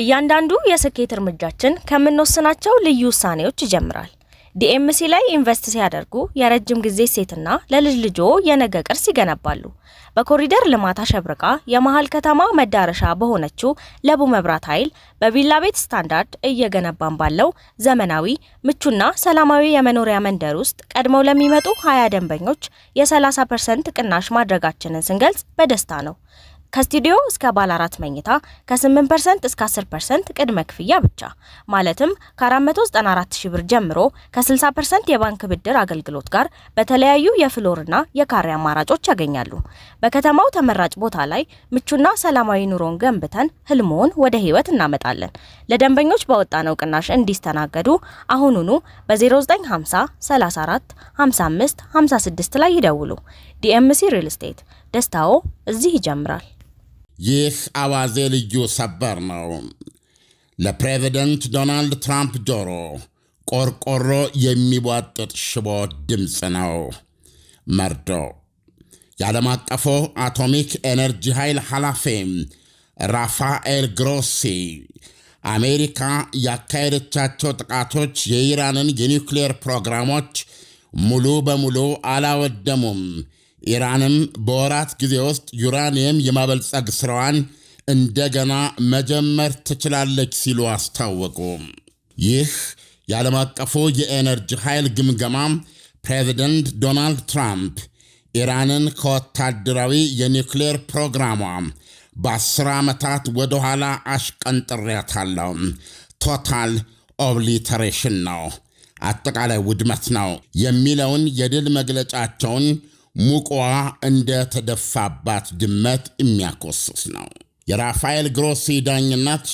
እያንዳንዱ የስኬት እርምጃችን ከምንወስናቸው ልዩ ውሳኔዎች ይጀምራል። ዲኤምሲ ላይ ኢንቨስት ሲያደርጉ የረጅም ጊዜ ሴትና ለልጅ ልጆ የነገ ቅርስ ይገነባሉ። በኮሪደር ልማት አሸብርቃ የመሀል ከተማ መዳረሻ በሆነችው ለቡ መብራት ኃይል በቪላ ቤት ስታንዳርድ እየገነባን ባለው ዘመናዊ ምቹና ሰላማዊ የመኖሪያ መንደር ውስጥ ቀድመው ለሚመጡ ሀያ ደንበኞች የ30 ፐርሰንት ቅናሽ ማድረጋችንን ስንገልጽ በደስታ ነው። ከስቱዲዮ እስከ ባለ አራት መኝታ ከ8 እስከ 10 ቅድመ ክፍያ ብቻ ማለትም ከ 494000 ብር ጀምሮ ከ60 የባንክ ብድር አገልግሎት ጋር በተለያዩ የፍሎርና የካሬ አማራጮች ያገኛሉ። በከተማው ተመራጭ ቦታ ላይ ምቹና ሰላማዊ ኑሮን ገንብተን ህልሞን ወደ ህይወት እናመጣለን። ለደንበኞች በወጣነው ቅናሽ እንዲስተናገዱ አሁኑኑ በ0950 34 55 56 ላይ ይደውሉ። ዲኤምሲ ሪል ስቴት ደስታዎ እዚህ ይጀምራል። ይህ አዋዜ ልዩ ሰበር ነው። ለፕሬዚደንት ዶናልድ ትራምፕ ጆሮ ቆርቆሮ የሚቧጥጥ ሽቦ ድምፅ ነው። መርዶ የዓለም አቀፉ አቶሚክ ኤነርጂ ኃይል ኃላፊ ራፋኤል ግሮሲ አሜሪካ ያካሄደቻቸው ጥቃቶች የኢራንን የኒውክሌር ፕሮግራሞች ሙሉ በሙሉ አላወደሙም ኢራንም በወራት ጊዜ ውስጥ ዩራኒየም የማበልጸግ ስራዋን እንደገና መጀመር ትችላለች ሲሉ አስታወቁ። ይህ የዓለም አቀፉ የኤነርጂ ኃይል ግምገማ ፕሬዚደንት ዶናልድ ትራምፕ ኢራንን ከወታደራዊ የኒውክሌር ፕሮግራሟ በአስር ዓመታት ወደ ኋላ አሽቀንጥሬያታለሁ፣ ቶታል ኦብሊተሬሽን ነው፣ አጠቃላይ ውድመት ነው የሚለውን የድል መግለጫቸውን ሙቆዋ እንደ ተደፋባት ድመት የሚያኮስስ ነው። የራፋኤል ግሮሲ ዳኝነት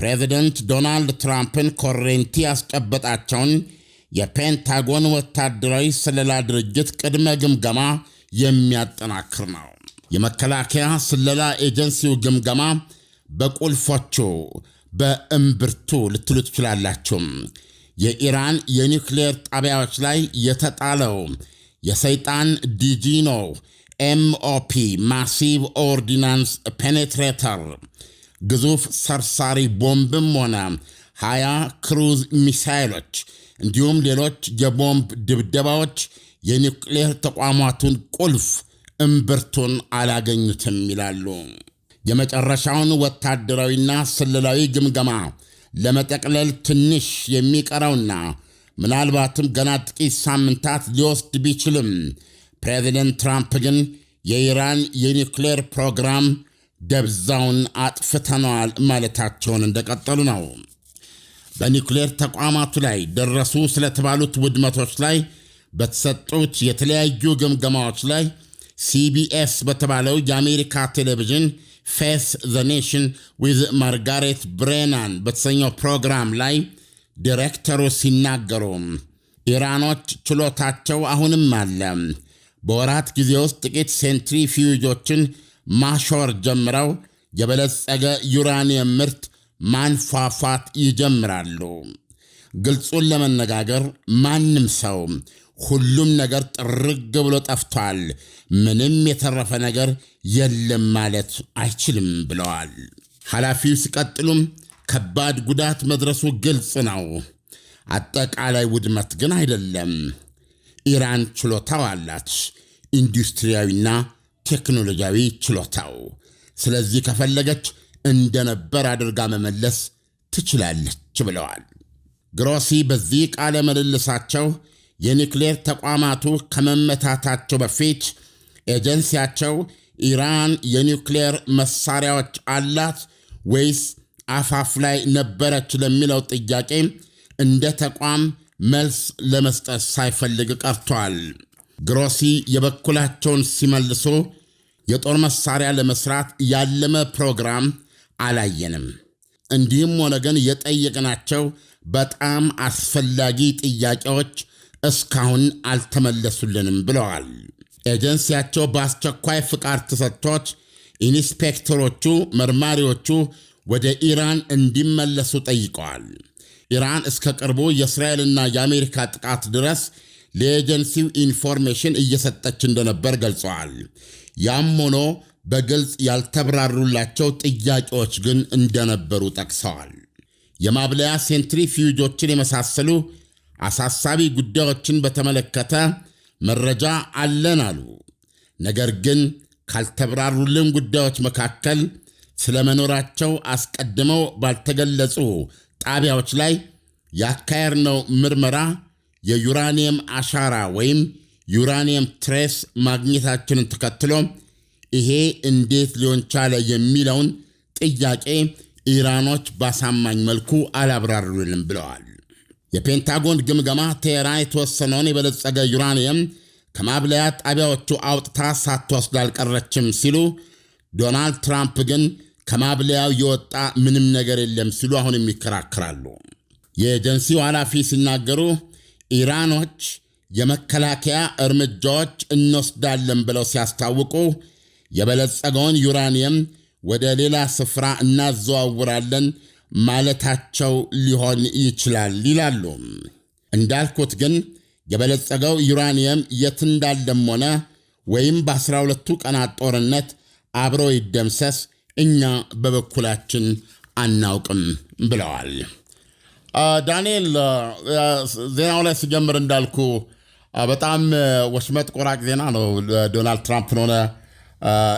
ፕሬዚደንት ዶናልድ ትራምፕን ኮሬንቲ ያስጨበጣቸውን የፔንታጎን ወታደራዊ ስለላ ድርጅት ቅድመ ግምገማ የሚያጠናክር ነው። የመከላከያ ስለላ ኤጀንሲው ግምገማ በቁልፎቹ በእምብርቱ ልትሉ ትችላላችሁም የኢራን የኒውክሌር ጣቢያዎች ላይ የተጣለው የሰይጣን ዲጂኖ ኤምኦፒ ማሲቭ ኦርዲናንስ ፔኔትሬተር ግዙፍ ሰርሳሪ ቦምብም ሆነ 20 ክሩዝ ሚሳይሎች እንዲሁም ሌሎች የቦምብ ድብደባዎች የኒውክሌር ተቋማቱን ቁልፍ እምብርቱን አላገኙትም ይላሉ። የመጨረሻውን ወታደራዊና ስልላዊ ግምገማ ለመጠቅለል ትንሽ የሚቀረውና ምናልባትም ገና ጥቂት ሳምንታት ሊወስድ ቢችልም ፕሬዚደንት ትራምፕ ግን የኢራን የኒውክሌር ፕሮግራም ደብዛውን አጥፍተነዋል ማለታቸውን እንደቀጠሉ ነው። በኒውክሌር ተቋማቱ ላይ ደረሱ ስለተባሉት ውድመቶች ላይ በተሰጡት የተለያዩ ግምገማዎች ላይ ሲቢኤስ በተባለው የአሜሪካ ቴሌቪዥን ፌስ ዘ ኔሽን ዊዝ ማርጋሬት ብሬናን በተሰኘው ፕሮግራም ላይ ዲሬክተሩ ሲናገሩ ኢራኖች ችሎታቸው አሁንም አለ። በወራት ጊዜ ውስጥ ጥቂት ሴንትሪፊዩጆችን ማሾር ጀምረው የበለጸገ ዩራኒየም ምርት ማንፏፏት ይጀምራሉ። ግልጹን ለመነጋገር ማንም ሰው ሁሉም ነገር ጥርግ ብሎ ጠፍቷል፣ ምንም የተረፈ ነገር የለም ማለት አይችልም ብለዋል ኃላፊው ሲቀጥሉም ከባድ ጉዳት መድረሱ ግልጽ ነው። አጠቃላይ ውድመት ግን አይደለም። ኢራን ችሎታው አላት፣ ኢንዱስትሪያዊና ቴክኖሎጂያዊ ችሎታው። ስለዚህ ከፈለገች እንደነበር አድርጋ መመለስ ትችላለች ብለዋል ግሮሲ። በዚህ ቃለ ምልልሳቸው የኒክሌር ተቋማቱ ከመመታታቸው በፊት ኤጀንሲያቸው ኢራን የኒክሌር መሳሪያዎች አላት ወይስ አፋፍ ላይ ነበረች ለሚለው ጥያቄ እንደ ተቋም መልስ ለመስጠት ሳይፈልግ ቀርቷል። ግሮሲ የበኩላቸውን ሲመልሱ የጦር መሳሪያ ለመስራት ያለመ ፕሮግራም አላየንም፣ እንዲህም ሆነ ግን የጠየቅናቸው በጣም አስፈላጊ ጥያቄዎች እስካሁን አልተመለሱልንም ብለዋል። ኤጀንሲያቸው በአስቸኳይ ፍቃድ ተሰጥቶት ኢንስፔክተሮቹ፣ መርማሪዎቹ ወደ ኢራን እንዲመለሱ ጠይቀዋል። ኢራን እስከ ቅርቡ የእስራኤልና የአሜሪካ ጥቃት ድረስ ለኤጀንሲው ኢንፎርሜሽን እየሰጠች እንደነበር ገልጸዋል። ያም ሆኖ በግልጽ ያልተብራሩላቸው ጥያቄዎች ግን እንደነበሩ ጠቅሰዋል። የማብለያ ሴንትሪፊዩጆችን የመሳሰሉ አሳሳቢ ጉዳዮችን በተመለከተ መረጃ አለን አሉ። ነገር ግን ካልተብራሩልን ጉዳዮች መካከል ስለመኖራቸው አስቀድመው ባልተገለጹ ጣቢያዎች ላይ ያካሄድነው ምርመራ የዩራኒየም አሻራ ወይም ዩራኒየም ትሬስ ማግኘታችንን ተከትሎ ይሄ እንዴት ሊሆን ቻለ የሚለውን ጥያቄ ኢራኖች ባሳማኝ መልኩ አላብራሩልንም ብለዋል። የፔንታጎን ግምገማ ቴህራን የተወሰነውን የበለጸገ ዩራኒየም ከማብለያ ጣቢያዎቹ አውጥታ ሳትወስድ አልቀረችም ሲሉ ዶናልድ ትራምፕ ግን ከማብለያው የወጣ ምንም ነገር የለም ሲሉ አሁንም ይከራከራሉ። የኤጀንሲው ኃላፊ ሲናገሩ ኢራኖች የመከላከያ እርምጃዎች እንወስዳለን ብለው ሲያስታውቁ የበለጸገውን ዩራኒየም ወደ ሌላ ስፍራ እናዘዋውራለን ማለታቸው ሊሆን ይችላል ይላሉ። እንዳልኩት ግን የበለጸገው ዩራኒየም የት እንዳለም ሆነ ወይም በ 12 ሁለቱ ቀናት ጦርነት አብሮ ይደምሰስ እኛ በበኩላችን አናውቅም ብለዋል። ዳንኤል ዜናው ላይ ስጀምር እንዳልኩ በጣም ወሽመጥ ቆራቅ ዜና ነው። ዶናልድ ትራምፕ ሆነ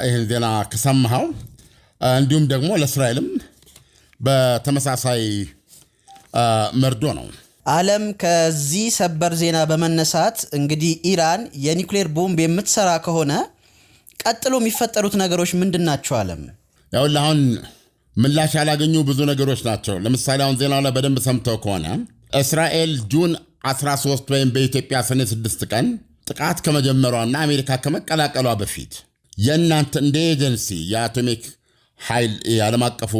ይህን ዜና ከሰማኸው፣ እንዲሁም ደግሞ ለእስራኤልም በተመሳሳይ መርዶ ነው። ዓለም ከዚህ ሰበር ዜና በመነሳት እንግዲህ ኢራን የኒውክሌር ቦምብ የምትሰራ ከሆነ ቀጥሎ የሚፈጠሩት ነገሮች ምንድን ናቸው? ዓለም ያውል አሁን ምላሽ ያላገኙ ብዙ ነገሮች ናቸው። ለምሳሌ አሁን ዜናው ላይ በደንብ ሰምተው ከሆነ እስራኤል ጁን 13 ወይም በኢትዮጵያ ሰኔ 6 ቀን ጥቃት ከመጀመሯና አሜሪካ ከመቀላቀሏ በፊት የእናንተ እንደ ኤጀንሲ የአቶሚክ ኃይል የዓለም አቀፉ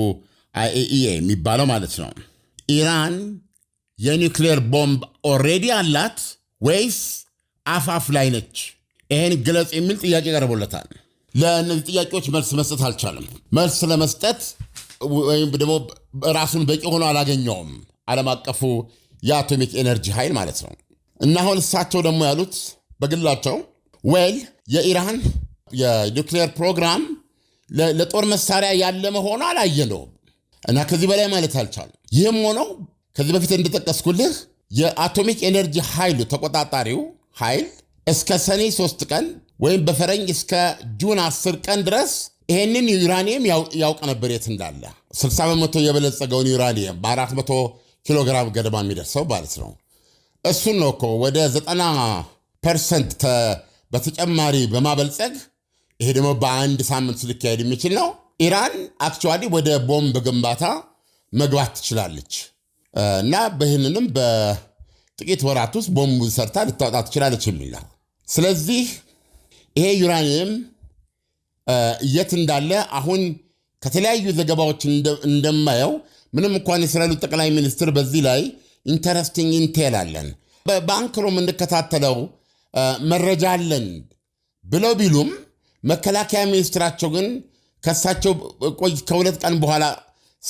አይኤኢኤ የሚባለው ማለት ነው ኢራን የኒውክሌር ቦምብ ኦሬዲ አላት ወይስ አፋፍ ላይ ነች? ይህን ግለጽ የሚል ጥያቄ ቀርቦለታል። ለእነዚህ ጥያቄዎች መልስ መስጠት አልቻለም። መልስ ለመስጠት ወይም ደግሞ ራሱን በቂ ሆኖ አላገኘውም። ዓለም አቀፉ የአቶሚክ ኤነርጂ ኃይል ማለት ነው። እና አሁን እሳቸው ደግሞ ያሉት በግላቸው ወይል የኢራን የኒክሌር ፕሮግራም ለጦር መሳሪያ ያለ መሆኑ አላየነውም እና ከዚህ በላይ ማለት አልቻለም። ይህም ሆነው ከዚህ በፊት እንደጠቀስኩልህ የአቶሚክ ኤነርጂ ኃይሉ ተቆጣጣሪው ኃይል እስከ ሰኔ 3 ቀን ወይም በፈረንጅ እስከ ጁን 10 ቀን ድረስ ይሄንን ዩራኒየም ያውቅ ነበር የት እንዳለ 60 በመቶ የበለጸገውን ዩራኒየም በ400 ኪሎ ግራም ገደማ የሚደርሰው ማለት ነው። እሱን ነው እኮ ወደ 90 ፐርሰንት በተጨማሪ በማበልጸግ ይሄ ደግሞ በአንድ ሳምንት ሊካሄድ የሚችል ነው። ኢራን አክቹዋሊ ወደ ቦምብ ግንባታ መግባት ትችላለች እና በይህንንም በጥቂት ወራት ውስጥ ቦምቡን ሰርታ ልታወጣ ትችላለች የሚል ነው። ስለዚህ ይሄ ዩራኒየም የት እንዳለ አሁን ከተለያዩ ዘገባዎች እንደማየው ምንም እንኳን የእስራኤሉ ጠቅላይ ሚኒስትር በዚህ ላይ ኢንተረስቲንግ ኢንቴል አለን በአንክሮም እንከታተለው መረጃ አለን ብለው ቢሉም መከላከያ ሚኒስትራቸው ግን ከሳቸው ከሁለት ቀን በኋላ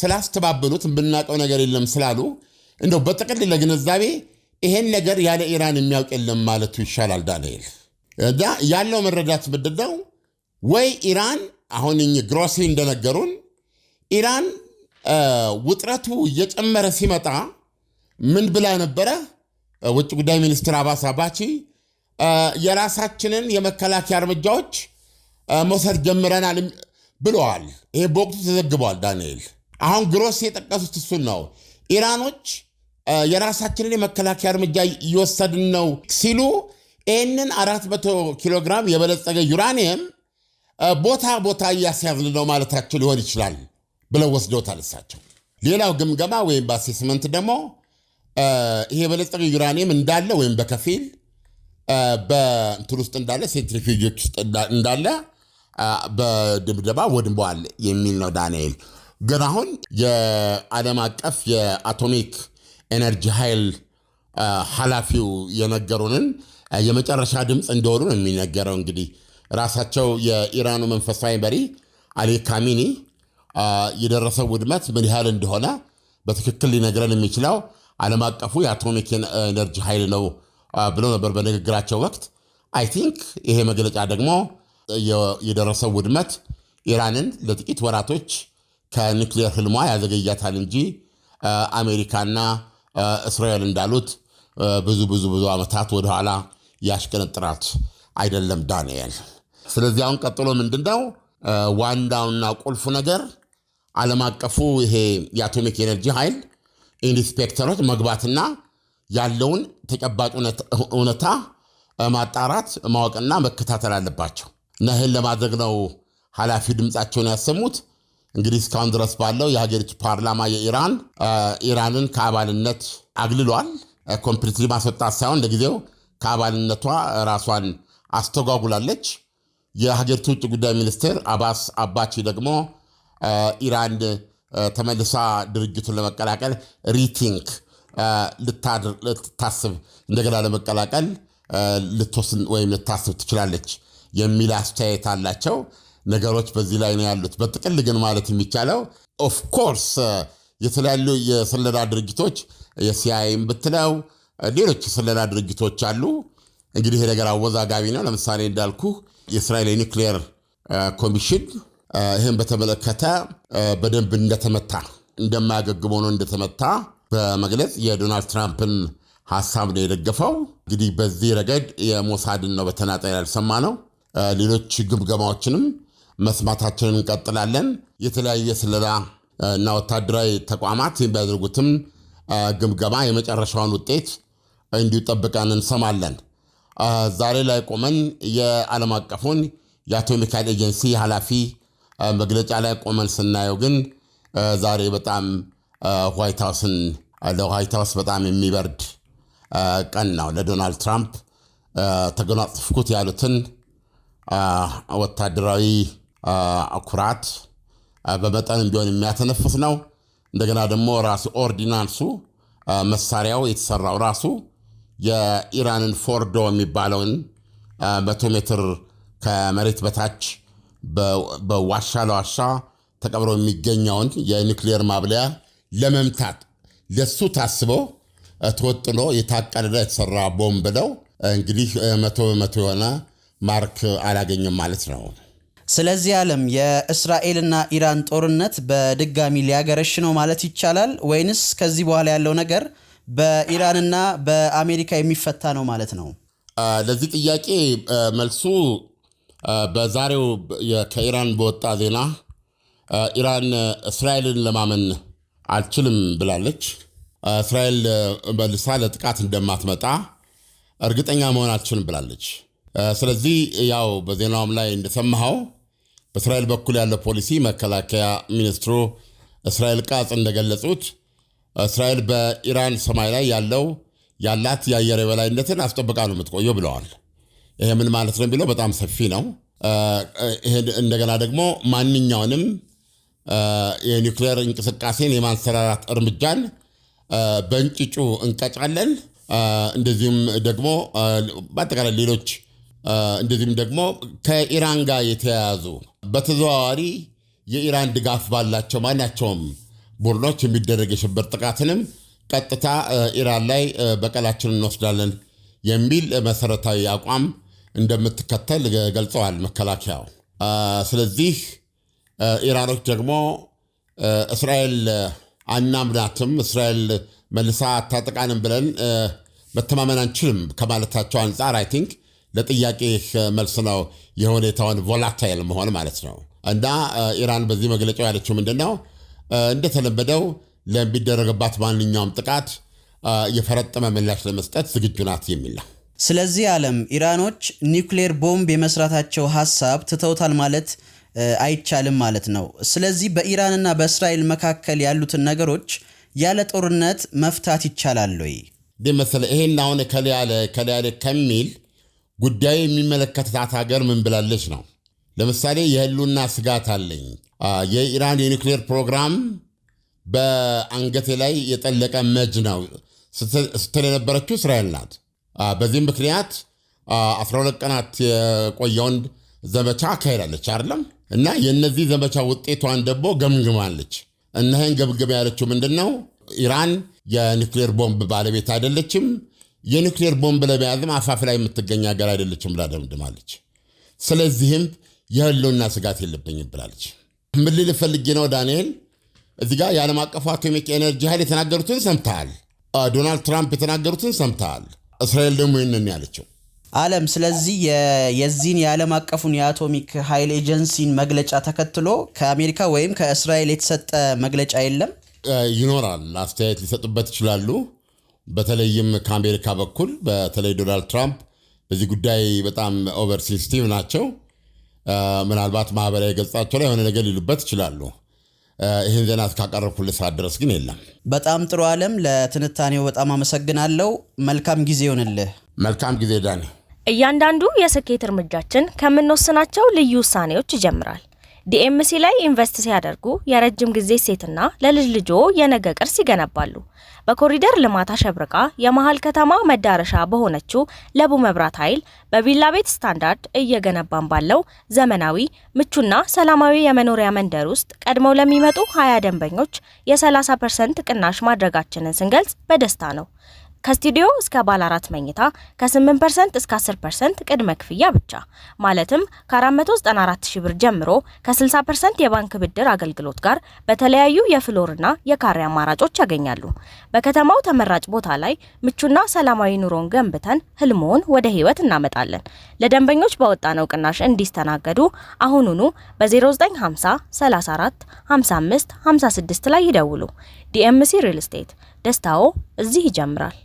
ስላስተባበሉት ብናውቀው ነገር የለም ስላሉ እንደው በጥቅል ለግንዛቤ ይሄን ነገር ያለ ኢራን የሚያውቅ የለም ማለቱ ይሻላል ዳንኤል። ያለው መረዳት ምንድን ነው? ወይ ኢራን አሁን ግሮሲ እንደነገሩን ኢራን ውጥረቱ እየጨመረ ሲመጣ ምን ብላ ነበረ? ውጭ ጉዳይ ሚኒስትር አባስ አባቺ የራሳችንን የመከላከያ እርምጃዎች መውሰድ ጀምረናል ብለዋል። ይሄ በወቅቱ ተዘግቧል። ዳንኤል አሁን ግሮስ የጠቀሱት እሱን ነው። ኢራኖች የራሳችንን የመከላከያ እርምጃ እየወሰድን ነው ሲሉ ይህንን አራት መቶ ኪሎ ግራም የበለጸገ ዩራኒየም ቦታ ቦታ እያስያዝን ነው ማለታቸው ሊሆን ይችላል ብለው ወስደውታል እሳቸው። ሌላው ግምገማ ወይም በአሴስመንት ደግሞ ይሄ የበለጸገ ዩራኒየም እንዳለ ወይም በከፊል በእንትን ውስጥ እንዳለ ሴንትሪፊጆች ውስጥ እንዳለ በድብደባ ወድመዋል የሚል ነው ዳንኤል። ግን አሁን የዓለም አቀፍ የአቶሚክ ኤነርጂ ኃይል ኃላፊው የነገሩንን የመጨረሻ ድምፅ እንደሆኑ ነው የሚነገረው። እንግዲህ ራሳቸው የኢራኑ መንፈሳዊ መሪ አሊ ካሚኒ የደረሰው ውድመት ምን ያህል እንደሆነ በትክክል ሊነግረን የሚችለው ዓለም አቀፉ የአቶሚክ ኤነርጂ ኃይል ነው ብሎ ነበር በንግግራቸው ወቅት። አይ ቲንክ ይሄ መግለጫ ደግሞ የደረሰው ውድመት ኢራንን ለጥቂት ወራቶች ከኒክሌር ህልሟ ያዘገያታል እንጂ አሜሪካና እስራኤል እንዳሉት ብዙ ብዙ ብዙ ዓመታት ወደኋላ ያሽቀነጥራት አይደለም ዳንኤል። ስለዚህ አሁን ቀጥሎ ምንድን ነው ዋናውና ቁልፉ ነገር ዓለም አቀፉ ይሄ የአቶሚክ ኤነርጂ ኃይል ኢንስፔክተሮች መግባትና ያለውን ተጨባጭ እውነታ ማጣራት ማወቅና መከታተል አለባቸው እና ይህን ለማድረግ ነው ኃላፊው ድምፃቸውን ያሰሙት። እንግዲህ እስካሁን ድረስ ባለው የሀገሪቱ ፓርላማ የኢራን ኢራንን ከአባልነት አግልሏል። ኮምፕሊትሊ ማስወጣት ሳይሆን ለጊዜው ከአባልነቷ ራሷን አስተጓጉላለች። የሀገሪቱ ውጭ ጉዳይ ሚኒስቴር አባስ አባቺ ደግሞ ኢራን ተመልሳ ድርጅቱን ለመቀላቀል ሪቲንክ ልታስብ እንደገና ለመቀላቀል ልትወስን ወይም ልታስብ ትችላለች የሚል አስተያየት አላቸው። ነገሮች በዚህ ላይ ነው ያሉት። በጥቅል ግን ማለት የሚቻለው ኦፍኮርስ የተለያዩ የስለላ ድርጅቶች የሲአይኤም ብትለው ሌሎች ስለላ ድርጅቶች አሉ። እንግዲህ ይሄ ነገር አወዛጋቢ ነው። ለምሳሌ እንዳልኩ የእስራኤል የኒክሌር ኮሚሽን ይህን በተመለከተ በደንብ እንደተመታ እንደማያገግም ነው እንደተመታ በመግለጽ የዶናልድ ትራምፕን ሀሳብ ነው የደገፈው። እንግዲህ በዚህ ረገድ የሞሳድን ነው በተናጠል ያልሰማ ነው። ሌሎች ግምገማዎችንም መስማታችንን እንቀጥላለን። የተለያዩ የስለላ እና ወታደራዊ ተቋማት የሚያደርጉትም ግምገማ የመጨረሻውን ውጤት እንዲጠብቀን እንሰማለን። ዛሬ ላይ ቆመን የዓለም አቀፉን የአቶሚካል ኤጀንሲ ኃላፊ መግለጫ ላይ ቆመን ስናየው ግን ዛሬ በጣም ዋይት ሃውስን ለዋይት ሃውስ በጣም የሚበርድ ቀን ነው። ለዶናልድ ትራምፕ ተገናጽፍኩት ያሉትን ወታደራዊ ኩራት በመጠን ቢሆን የሚያተነፍስ ነው። እንደገና ደግሞ ራሱ ኦርዲናንሱ መሳሪያው የተሰራው ራሱ የኢራንን ፎርዶ የሚባለውን መቶ ሜትር ከመሬት በታች በዋሻ ለዋሻ ተቀብሮ የሚገኘውን የኒውክሊየር ማብለያ ለመምታት ለሱ ታስቦ ተወጥኖ የታቀደ የተሰራ ቦምብ ነው። እንግዲህ መቶ በመቶ የሆነ ማርክ አላገኘም ማለት ነው። ስለዚህ ዓለም የእስራኤልና ኢራን ጦርነት በድጋሚ ሊያገረሽ ነው ማለት ይቻላል ወይንስ ከዚህ በኋላ ያለው ነገር በኢራንና በአሜሪካ የሚፈታ ነው ማለት ነው? ለዚህ ጥያቄ መልሱ በዛሬው ከኢራን በወጣ ዜና ኢራን እስራኤልን ለማመን አልችልም ብላለች። እስራኤል መልሳ ለጥቃት እንደማትመጣ እርግጠኛ መሆን አልችልም ብላለች። ስለዚህ ያው በዜናውም ላይ እንደሰማኸው በእስራኤል በኩል ያለው ፖሊሲ መከላከያ ሚኒስትሩ እስራኤል ቃጽ እንደገለጹት እስራኤል በኢራን ሰማይ ላይ ያለው ያላት የአየር የበላይነትን አስጠብቃ ነው የምትቆየው ብለዋል። ይሄ ምን ማለት ነው የሚለው በጣም ሰፊ ነው። እንደገና ደግሞ ማንኛውንም የኒውክሌር እንቅስቃሴን የማንሰራራት እርምጃን በእንጭጩ እንቀጫለን። እንደዚሁም ደግሞ በአጠቃላይ ሌሎች እንደዚሁም ደግሞ ከኢራን ጋር የተያያዙ በተዘዋዋሪ የኢራን ድጋፍ ባላቸው ማናቸውም ቡድኖች የሚደረግ የሽብር ጥቃትንም ቀጥታ ኢራን ላይ በቀላችን እንወስዳለን የሚል መሰረታዊ አቋም እንደምትከተል ገልጸዋል መከላከያው። ስለዚህ ኢራኖች ደግሞ እስራኤል አናምናትም፣ እስራኤል መልሳ አታጠቃንም ብለን መተማመን አንችልም ከማለታቸው አንጻር አይ ቲንክ ለጥያቄ መልስ ነው የሁኔታውን ቮላታይል መሆን ማለት ነው። እና ኢራን በዚህ መግለጫው ያለችው ምንድን ነው? እንደተለመደው ለሚደረግባት ማንኛውም ጥቃት የፈረጠመ ምላሽ ለመስጠት ዝግጁ ናት የሚል ነው። ስለዚህ ዓለም ኢራኖች ኒውክሌር ቦምብ የመስራታቸው ሀሳብ ትተውታል ማለት አይቻልም ማለት ነው። ስለዚህ በኢራንና በእስራኤል መካከል ያሉትን ነገሮች ያለ ጦርነት መፍታት ይቻላል ወይ? ይሄን አሁን ከሊያለ ከሊያለ ከሚል ጉዳዩ የሚመለከታት ሀገር ምን ብላለች ነው። ለምሳሌ የህሉና ስጋት አለኝ የኢራን የኒውክሌር ፕሮግራም በአንገቴ ላይ የጠለቀ መጅ ነው ስትል የነበረችው እስራኤል ናት። በዚህም ምክንያት 12 ቀናት የቆየውን ዘመቻ አካሄዳለች አይደለም እና የእነዚህ ዘመቻ ውጤቷን ደግሞ ገምግማለች። እነህን ገምግማ ያለችው ምንድን ነው? ኢራን የኒክሌር ቦምብ ባለቤት አይደለችም፣ የኒውክሌር ቦምብ ለመያዝም አፋፍ ላይ የምትገኝ ሀገር አይደለችም ብላ ደምድማለች። ስለዚህም የህልውና ስጋት የለብኝም ብላለች። ምን ልልህ ፈልጌ ነው ዳንኤል፣ እዚ ጋር የዓለም አቀፉ አቶሚክ ኤነርጂ ኃይል የተናገሩትን ሰምተሃል። ዶናልድ ትራምፕ የተናገሩትን ሰምተሃል። እስራኤል ደግሞ ይህንን ያለችው አለም። ስለዚህ የዚህን የዓለም አቀፉን የአቶሚክ ኃይል ኤጀንሲን መግለጫ ተከትሎ ከአሜሪካ ወይም ከእስራኤል የተሰጠ መግለጫ የለም። ይኖራል፣ አስተያየት ሊሰጡበት ይችላሉ። በተለይም ከአሜሪካ በኩል በተለይ ዶናልድ ትራምፕ በዚህ ጉዳይ በጣም ኦቨር ሴንሲቲቭ ናቸው። ምናልባት ማህበራዊ ገጻቸው ላይ የሆነ ነገር ሊሉበት ይችላሉ። ይህን ዜና እስካቀረብኩልህ ሰዓት ድረስ ግን የለም። በጣም ጥሩ አለም፣ ለትንታኔው በጣም አመሰግናለሁ። መልካም ጊዜ ይሆንልህ። መልካም ጊዜ ዳኒ። እያንዳንዱ የስኬት እርምጃችን ከምንወስናቸው ልዩ ውሳኔዎች ይጀምራል። ዲኤምሲ ላይ ኢንቨስት ሲያደርጉ የረጅም ጊዜ ሴትና ለልጅ ልጆ የነገ ቅርስ ይገነባሉ። በኮሪደር ልማት አሸብርቃ የመሀል ከተማ መዳረሻ በሆነችው ለቡ መብራት ኃይል በቪላ ቤት ስታንዳርድ እየገነባን ባለው ዘመናዊ ምቹና ሰላማዊ የመኖሪያ መንደር ውስጥ ቀድመው ለሚመጡ ሀያ ደንበኞች የ30 ፐርሰንት ቅናሽ ማድረጋችንን ስንገልጽ በደስታ ነው። ከስቱዲዮ እስከ ባለ አራት መኝታ ከ8% እስከ 10% ቅድመ ክፍያ ብቻ ማለትም ከ494 ሺ ብር ጀምሮ ከ60% የባንክ ብድር አገልግሎት ጋር በተለያዩ የፍሎርና የካሬ አማራጮች ያገኛሉ። በከተማው ተመራጭ ቦታ ላይ ምቹና ሰላማዊ ኑሮን ገንብተን ህልሞን ወደ ህይወት እናመጣለን። ለደንበኞች በወጣነው ቅናሽ እንዲስተናገዱ አሁኑኑ በ0950 34 55 56 ላይ ይደውሉ። ዲኤምሲ ሪል ስቴት ደስታዎ እዚህ ይጀምራል።